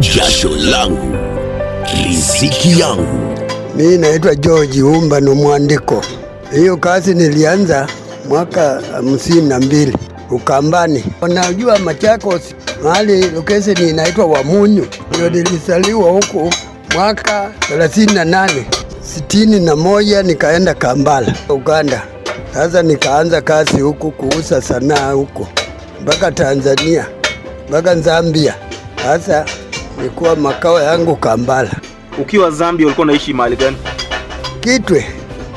jasho langu, riziki yangu. Mi naitwa George Umba, no mwandiko. Hiyo kazi nilianza mwaka hamsini na mbili Ukambani. Unajua Machakos, mahali lokesheni inaitwa Wamunyu, ndio nilisaliwa huku mwaka 38 sitini na moja nikaenda Kampala, Uganda. Sasa nikaanza kazi huku kuuza sanaa huko mpaka Tanzania mpaka Zambia. Sasa Nilikuwa makao yangu Kambala. Ukiwa Zambia ulikuwa unaishi mahali gani? Kitwe.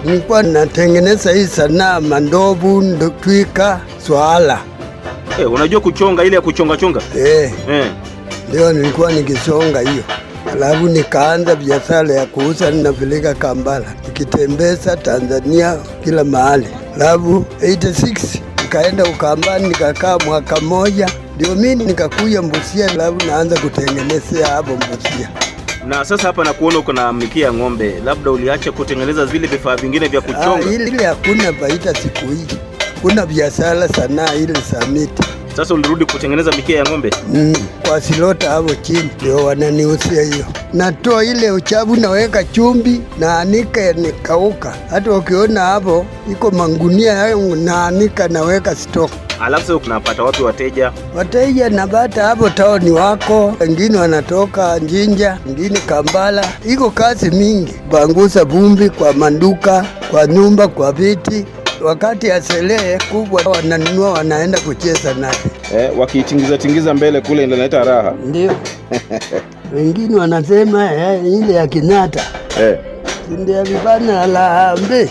Nilikuwa natengeneza hii sanaa mandovu, ndotwika, swala. Eh, unajua kuchonga ile ya kuchonga chonga? Eh. Eh. Ndio nilikuwa nikichonga hiyo. Alafu nikaanza biashara ya kuuza, ninapeleka Kambala, nikitembeza Tanzania kila mahali. Alafu 86 nikaenda Ukambani, nikakaa mwaka moja. Ndio mimi nikakuya Mbusia labu naanza kutengenezea hapo Mbusia. Na sasa hapa nakuona uko na mikia ng'ombe, labda uliacha kutengeneza vile vifaa vingine vya ah, kuchonga. Ah, ile hakuna baita siku hii. Kuna biashara sanaa ile samiti sasa ulirudi kutengeneza mikia ya ng'ombe? Mm, silota hapo chini ndio wananiusia hiyo. Natoa ile uchafu naweka chumbi naanika nikauka. Hata ukiona hapo iko mangunia yangu naanika naweka stock. Alafu unapata wapi wateja? Wateja napata hapo taoni wako, wengine wanatoka Njinja, wengine Kambala. Iko kazi mingi, bangusa vumbi kwa manduka, kwa nyumba, kwa viti wakati ya sherehe kubwa wananunua wanaenda kucheza naye eh, wakiitingiza tingiza mbele kule inaleta raha, ndio wengine wanasema eh, ile ya kinata eh, ndio vibana la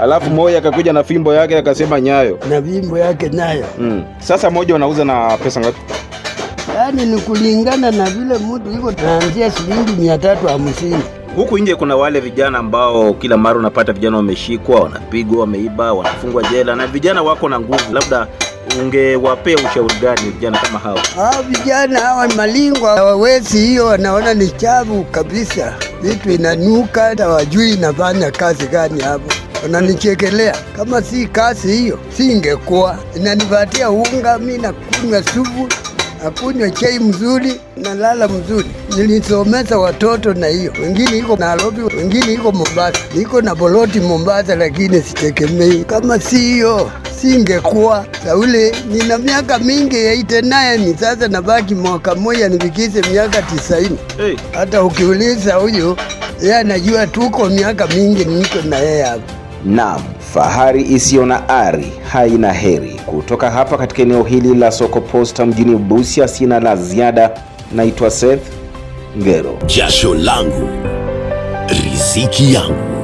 Alafu moja akakuja na fimbo yake akasema nyayo na fimbo yake nayo mm. Sasa moja wanauza na pesa ngapi? Yaani ni kulingana na vile mtu iko, naanzia shilingi mia tatu hamsini Huku nje kuna wale vijana ambao kila mara unapata vijana wameshikwa, wanapigwa, wameiba, wanafungwa jela, na vijana wako na nguvu. Labda ungewapea ushauri gani vijana kama hao? Ah, vijana hawa ni malingwa, hawawezi hiyo, wanaona ni chavu kabisa, vitu inanuka, hawajui wajui inafanya kazi gani hapo wananichekelea kama si kazi hiyo, singekuwa inanipatia unga, mi nakunywa supu akunywa chai mzuri na lala mzuri. Nilisomeza watoto na hiyo, wengine iko Nairobi, wengine iko Mombasa, niko na boloti Mombasa, lakini sitegemei kama si hiyo singekuwa saule. Nina miaka mingi ni sasa, nabaki mwaka moja nivikize miaka tisaini. Hata ukiuliza huyo yeye anajua tuko miaka mingi niko na yeye hapa. Naam, fahari isiyo na ari haina heri. Kutoka hapa katika eneo hili la soko Posta mjini Busia, sina la ziada. Naitwa Seth Ngero. Jasho langu riziki yangu.